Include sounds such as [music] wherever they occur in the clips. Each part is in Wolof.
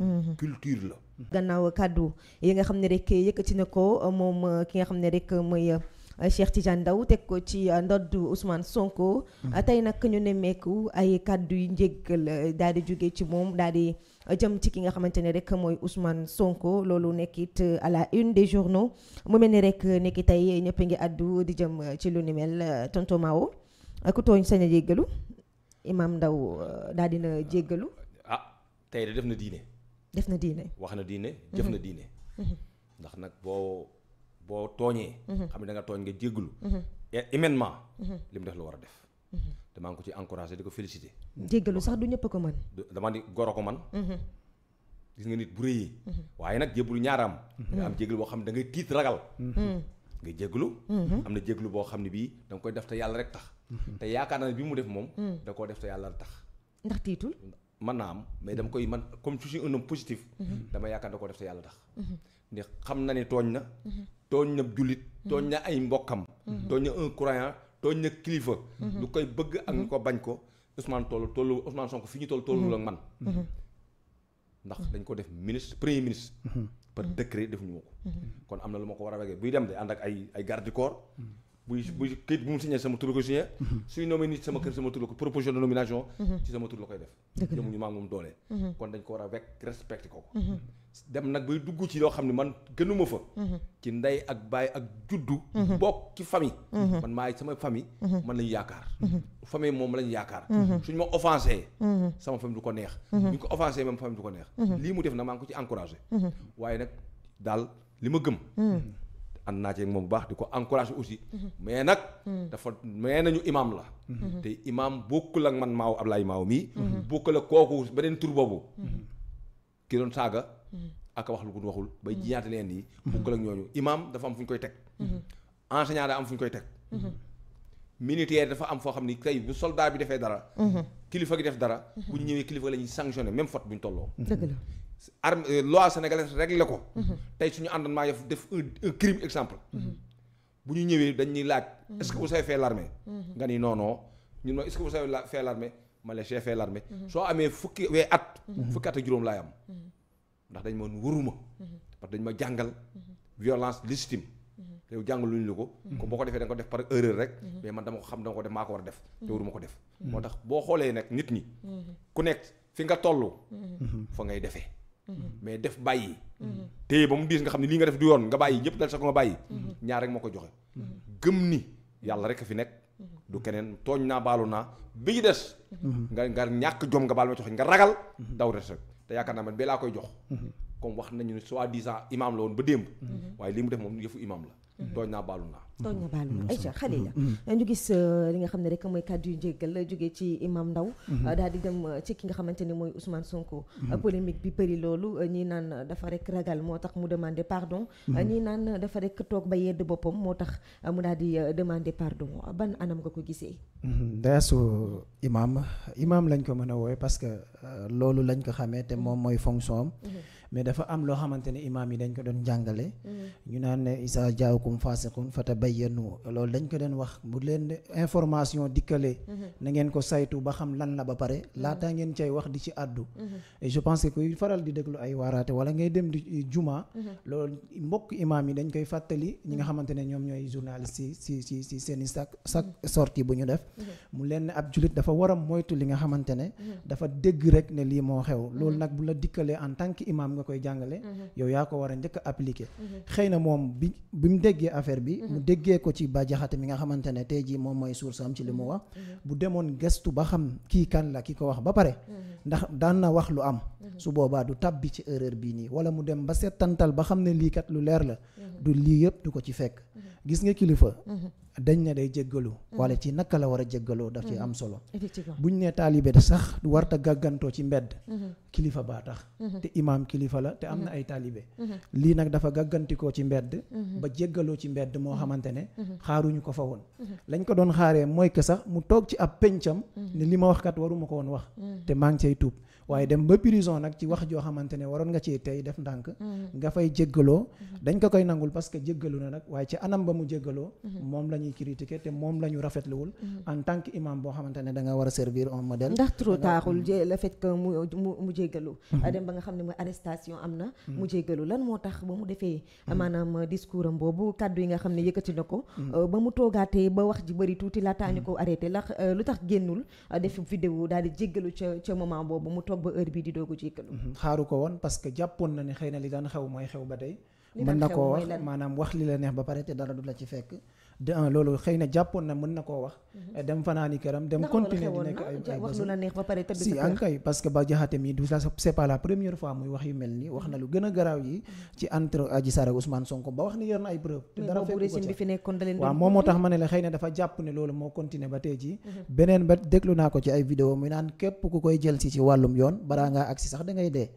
Mm-hmm. culture la. gannaaw kàddu yi nga xam ne rek yëkkati na ko uh, moom uh, ki nga xam ne rek mooy. Uh, Cheikh Tidiane Ndao teg ko ci ndoddu Ousmane Sonko. Mm-hmm. tey nag ñu nemmeeku ay kàddu yu njéggal daal di jóge ci moom daal di jëm ci ki nga xamante ne rek mooy Ousmane Sonko loolu nekkit à la une des journaux mu mel ni rek nekki tey ñëpp ngi addu di jëm ci lu ni mel tonton Mawo ku tooñ sañ jéggalu Imam Ndao daal dina jéggalu ah tey def na diine. def na diine wax na diine mhm. jëf na diine mhm. ndax nag boo boo tooñee mhm. xam ne da nga tooñ nga jégglu humainement li mu def lu war a def te maa ngi ko ci encouragé di ko félicité jéggalu sax du ñëpp a ko mën dama di goro ko man gis nga nit bu rëyee waaye nag jébbalu ñaaraam nga am jéggalu boo xam ne da ngay tiit ragal nga jéggalu am na koy def yàlla rek tax te yaakaar naa ne bi mu def moom da koo def te yàlla tax ndax tiitul man naa am mais dama koy man comme je suis un homme positif. dama yaakaar da ko def te yàlla tax. ne xam na ne tooñ na. tooñ na jullit. tooñ na ay mbokkam. tooñ na un croyant tooñ na kilifa. lu koy bëgg ak ñu ko bañ ko Ousmane toll tollu Ousmane Sonko fi ñu toll tollu la man. ndax dañ ko def ministre premier ministre. par décret defuñu ko. kon am na lu ma ko war a wegee buy dem de ànd ak ay ay buy buy këyit bu mu signé sama tur ko signé. suy nommé nit sama kër sama tur ko proposition de nomination. ci sama tur la koy def. dëgg ñu maa moom doole. kon dañ ko war a wekk respecté ko. dem nag bay dugg ci loo xam ne man gënuma fa. ci ndey ak baay ak juddu. bokk ci man maay sama famille. man lañ yaakaar. famille moom lañ yaakaar. suñ ma offensé. sama famille du ko neex. buñ ko offensé même famille du ko neex. lii mu def nag maa ko ci encouragé. waaye ànd naa ceeg moom bu baax di ko encouragé aussi. mais nag. dafa mais nañu imam la. te imam bokkul ak man maaw Ablaye maaw mii. bokkul ak kooku beneen tur boobu. ki doon saaga. ak wax lu ko waxul bay jiyaate leen nii. bokkul ak ñooñu imam dafa am fu ñu koy teg. enseignant daa am fu ñu koy teg. militaire dafa am foo xam ni tey bu soldat bi defee dara. Mhm. kilifa gi def dara. bu ñu ñëwee kilifa la ñuy sanctionné même bu ñu tolloo. arme euh, loi sénégalaise réglé ko. tey suñu àndoon maa def def un crime exemple. bu ñu ñëwee dañ ñuy laaj. est-ce que vous savez faire l'armée. nga ni non non ñun mooy est-ce que vous ma ne j'ai fait l'armée. soo amee fukki wee at. fukki at a juróom laay am. ndax dañ ma waruma. parce dañ ma jàngal. violence légitime. yow jàngaluñu la ko. ko boo ko defee da ko def par erreur rek. mais man dama ko xam dama ko def maa ko war a def. te waruma ko def. moo tax boo xoolee nag nit ñi. ku nekk nga toll. fa ngay defee. Mhm. mais def bàyyi. Mhm. téye ba mu diis nga xam ne lii nga def du yoon nga bàyyi ñëpp dal sa ko nga bàyyi. Mhm. ñaar rek moo ko joxe. gëm ni yàlla rek a fi nekk. du keneen tooñ naa baalu naa bi ñu des. nga nga ñàkk jom nga baal ma joxe nga ragal. daw des rek te yaakaar naa man bee laa koy jox. comme wax nañu ne soi-disant imaam la mhm. li mu def moom yëfu imaam la. Mhm. tooñ naa la mhm. ñu gis euh, li nga xam ne rek mooy kàddu yu njéggal euh, euh, ki nga xamante ni mooy Ousmane Sonko polémique bi bëri loolu ñii naan dafa rek ragal moo tax mu demandé pardon ñii naan dafa rek toog ba yedd boppam moo tax mu daal di demandé pardon ban anam nga ko gisee dayasu imam imam lañ ko mën a wooy parce que loolu lañ ko xamee te moom mooy fonction mais dafa am loo xamante ne imaam yi dañ ko doon jàngale mm. ñu naan ne isa jaakum fasiqun fatabayyanu loolu dañ ko doon wax bu leen information dikkalee mm-hmm. na ko saytu ba xam lan la ba pare mm-hmm. laataa ngeen cay wax di ci àddu mm-hmm. et pense kuy faral di déglu ay waaraate wala ngay dem di eh, juma loolu mbokk imaam yi dañ koy fàttali ñi nga xamante ñoom ñooy journaliste yi si si si i sac sac sortie bu ñu def mu leen ne ab julit dafa war a moytu li nga xamante ne dafa dégg rek ne lii moo xew loolu nag bu la dikkalee en nga koy jàngale mhm. yow yaa ko war a njëkk a mhm. xëy na moom bi bi mu déggee affaire bi mu mhm. déggee ko ci ba jaxate mi nga xamante ne tey jii moom mooy source am ci li mu wax bu demoon gëstu ba xam kii kan la ki ko wax ba pare ndax daan na wax lu am su boobaa du tàbbi ci erreur bii nii wala mu dem ba settantal ba xam ne lii kat lu leer la du lii yëpp du ko ci fekk mhm. gis nga kilifa mhm. dañ ne day jéggalu mhm. wala ci naka la war a jéggaloo daf ci am solo buñ ne taalibe da sax warta gàggantoo ci mbedd kilifa baa tax te imaam kilifa la te am na ay taalibe lii nag dafa gàggantikoo ci mbedd ba jéggaloo ci mbedd moo xamante ne xaaruñu ko fa woon lañ ko doon xaaree mooy que sax mu toog ci ab pencam ne li ma wax kat waruma ko woon wax te maa ngi cay tuub waaye dem ba prison nag ci wax joo xamante ne waroon nga cee tey def ndànk nga dañ ko koy nangul parce que jéggalu na nag waaye ci anam ba mu jéggaloo mhm. moom la ñuy critiquer te moom la ñu rafetluwul mhm. en tant que imam boo xamante ne da war a servir un modèle ndax trop taaxul mhm. le fait que mu mu jéggalu dem ba nga xam ne mooy arrestation am na mu jéggalu lan moo tax ba mu defee maanaam discours am boobu kàddu yi nga xam ne yëkkati na ko euh, ba mu toogaatee ba wax ji bëri tuuti laa laataa ñu ko arrêté ndax euh, lu tax génnul euh, def vidéo daal di jéggalu ca ca moment boobu mu toog ba heure bii di doogu jéggalu xaaru ko woon parce que jàppoon na ne xëy na li daan xew mooy xew ba tey mën na koo wax maanaam wax li la neex ba pare te dara du la ci fekk de loolu xëy na jàppoon na mën na koo wax mhm. dem fanaani këram dem continuer ba pare tëdd si mhm. mhm. wax ni wax a ay preuve te moom moo tax ma ne la xëy na dafa jàpp ne loolu moo continuer ba tey ji beneen ba déglu naa ko ci ay vidéo mu naan képp ku koy jël ci wàllum yoon baraa ngaa agsi sax da dee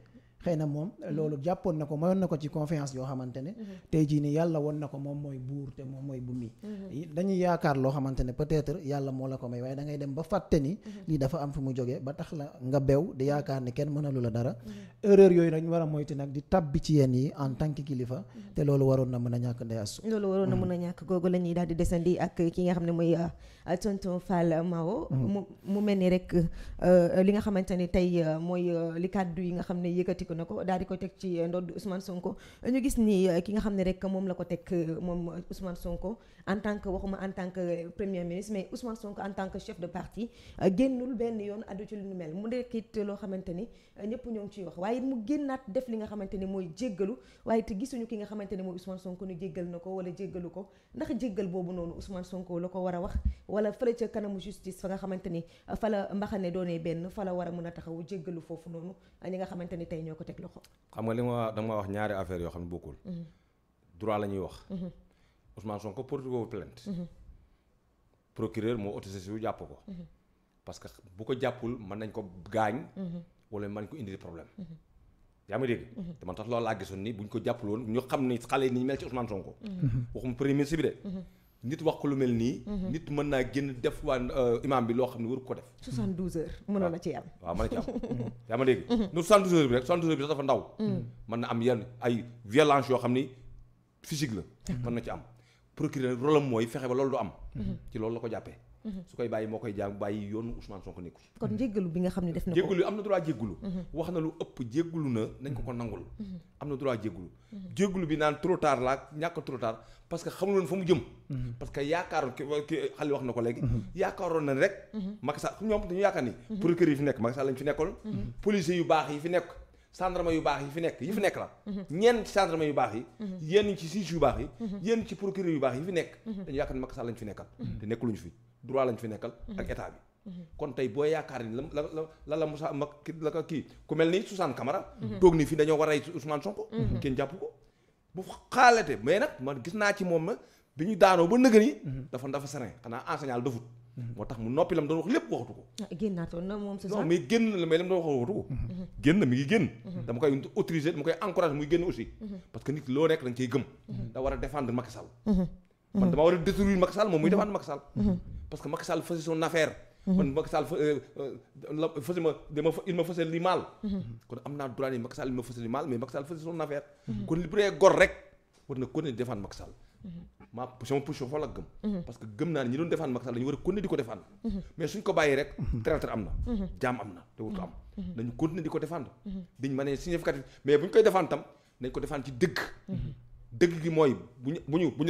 xëy na moom mm-hmm. loolu jàppoon na ko mayoon na ko ci confiance yoo xamante ne mm-hmm. tey jii nii yàlla woon na ko moom mooy buur te moom mooy bumi mm-hmm. dañuy yaakaar loo xamante ne yàlla moo la ko may waaye da dem ba fàtte ni lii dafa am fi mu jógee ba tax la nga bew di yaakaar ni kenn mënalu la dara erreur yooyu dañ war a moytu nag di tabbi ci yenn yi en tant kilifa te loolu waroon na mën a ñàkk ndeyasu loolu waroon na mën a ñàkk googu la ñuy yëkkatiku na ko daal di ko teg ci ndodd Ousmane Sonko ñu gis ni euh, ki nga xam ne rek moom la ko teg euh, moom Ousmane Sonko en tant que waxuma en tant que euh, premier ministre mais Ousmane Sonko en tant que chef de ni ñëpp ñoo ngi ciy wax waaye mu génnaat def li nga xamante ni mooy jéggalu waaye te gisuñu ki nga xamante ni mooy Ousmane Sonko ni jéggal na ko wala jéggalu ko ndax jéggal boobu noonu Ousmane Sonko la ko war a wax wala fële ca kanamu justice fa nga xamante ni fa la mbaxane doonee benn fa la war a mën a taxawu jéggalu foofu noonu ñi nga xamante ni ñoo xam nga li ma dama wax ñaari affaire yoo xam ne bokkul. Mm-hmm. droit la ñuy wax. Mm-hmm. Ousmane Sonko porté ko plainte. Mm-hmm. procureur moo autosaisi wu jàpp ko. parce que bu ko jàppul mën nañ ko gaañ. wala mën ko indi problème. yaa ngi dégg. te man tax loolu laa ni buñ ko jàppul ñu xam ni xale ni mel ci Ousmane Sonko. waxum premier ministre bi de. nit wax ko lu mel nii. Mhm. nit mën naa génn def waa euh, imaam bi loo xam ne waru ko def. 72 heures mënoon na ci am. waaw mën na ci am. [laughs] Mhm. yaa ma dégg. Mhm. nu 72 heures bi rek 72 heures bi dafa ndaw. mën na am yenn ay violence yoo xam ni physique la. mën na ci am procureur rôle am mooy fexe ba loolu du am. ci loolu la ko jàppee. Mhm. su koy bàyyi moo koy jaam bàyyi yoonu Ousmane Sonko nekku ci. kon mhm. jéggalu bi nga xam ne def na ko jéggalu am na droit jéggalu. Mhm. wax na lu ëpp jéggalu na nañ nekk la ñenn ci gendarme yu baax yi yenn ci juge yu baax yi yenn ci procureur yu baax yi fi nekk dañu yaakaar ni Macky Sall lañ fi nekkal te nekkuluñu fi droit lañ fi nekkal. ak état bi. kon tey boo yaakaar ni la la la la Moussa Mak ki la kii ku mel ni Soussane Camara. toog ni fii dañoo war a rey Ousmane Sonko. kenn jàpp ko bu xaalate mais nag man gis naa ci moom nag bi ñu daanoo ba nëgën yi. dafa dafa serein xanaa enseignant dafut. moo tax mu noppi la mu doon wax lépp waxatu ko. Ah, génn mu ngi génn. dama koy autoriser dama koy encourager muy génn aussi. parce que nit loo nekk da nga cay gëm. da war a défendre Macky Sall. Mhm. man dama war a détruire Macky Sall moom parce que Macky Sall faisait son affaire. man mhm. Macky Sall euh, euh, li mal. Mhm. Mhm. kon am naa droit ni Macky il ma faisait li mal mais Macky Sall faisait son kon li bu dee gor rek war na continuer défendre Macky Sall. ma sama foofu la gëm. parce que gëm naa ne ñi doon défendre Macky Sall war a continuer di ko défendre. mais suñ ko bàyyi rek. traître am na. jaam am na te wut ko am. dañu continuer di ko défendre. diñ ma ne koy défendre tam nañ ko défendre ci dëgg. dëgg gi mooy bu ñu bu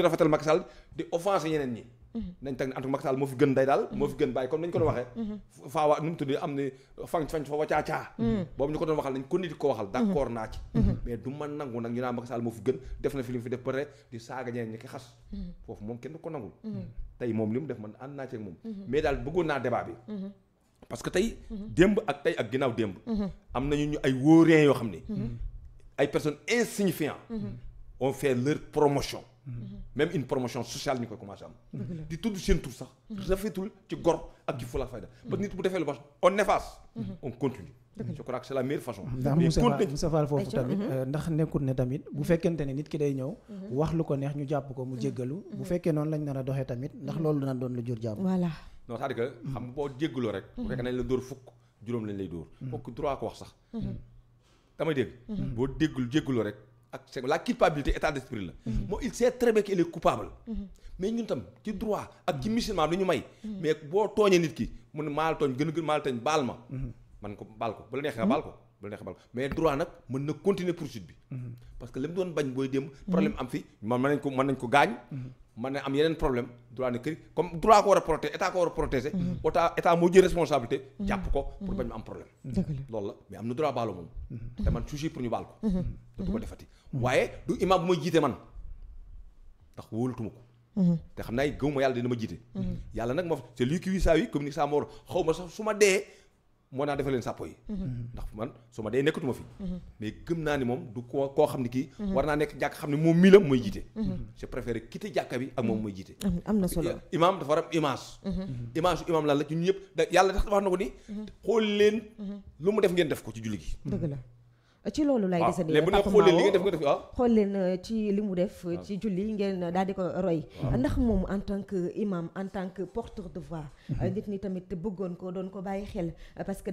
Mm-hmm. nañ teg ne Anta Macky moo fi gën day daal moo fi gën bàyyi comme nañ ko doon waxee mm-hmm. faawaa nu mu tudd am ni fanc fanc fa wacaacaa mm-hmm. boobu ñu ko doon waxal nañ ko nit ko waxal d'accord naa ci mais du ma nangu nag ñu naan Macky Sall moo fi gën def na fi li mu fi def pare di saaga ñeneen ñi ki xas foofu moom kenn ko nangul tey moom li mu def man ànd naa ci ak moom mais daal bëggoon naa débat bi parce que tey démb ak tey ak ginnaaw démb am nañu Mm-hmm. même une promotion sociale ñu koy commencé am. di tudd seen tur sax. Mm-hmm. rafetul ci gor ak ci fulla fayda. ba mm-hmm. nit bu defee lu baax on efface. on continue. je crois que c'est la meilleure façon. ndax Moussa Fall foofu tamit euh, ndax nekkul ne tamit bu fekkente ne nit ki day ñëw. wax lu ko neex ñu jàpp ko mu jéggalu. bu fekkee noonu lañ nar a doxee tamit ndax loolu dina doon lu jur jàmm. voilà non cest à xam nga boo jéggaloo rek. bu fekkee nañ la dóor fukk juróom lañ lay ak c'est la culpabilité état d'esprit la. Mhm. moo il sait très bien qu'il est coupable. Mhm. tam ci droit ak ci mhm. musulman lu ñu may. mais boo tooñee nit ki mu ne maal tooñ gën a maal tooñ baal ma. man ko baal ko bu la neexee nga baal ko. bu la neexee baal ko mais droit nag mën na continuer poursuite bi. parce que li mu doon bañ booy dem. problème am fi man mën nañ ko gaañ. mën na am yeneen problème droit ne kër comme droit ko war a protéger état ko war a protéger. état mhm. état moo jël responsabilité. Mhm. jàpp ko pour mhm. bañ ma am problème. loolu la mais am na droit baalu moom. te man toujours pour ñu baal ko. dootu ko defati waaye du imaam bu may jiite man ndax wóolatuma ko. te xam naa gëw ma yàlla dina ma jiite. yàlla nag ma c'est lui qui vit sa vie communique sa mort xaw ma sax su ma dee moo naa defal leen sàppo yi mhm. Mhm. ndax man su ma dee nekkatuma fi mhm. mais gëm naa ni moom du koo koo xam ne kii war naa nekk jàkk xam ne moom mii la mooy jiite je préfère quitter jàkka bi ak moom mooy jiite am na solo imaam dafa war am image image imaam lan la ci ñu ñëpp yàlla tax wax na ko ni xool leen lu mu def ngeen def ko ci julli gi ci loolu lay desandi Pape Mahawa li nga def nga ah. xool leen euh, ci li mu def ci julli ngeen euh, daal di ko roy ndax moom en tant que imam en tant que porteur de voix mm-hmm. euh, nit ñi tamit bëggoon ko doon ko bàyyi xel parce que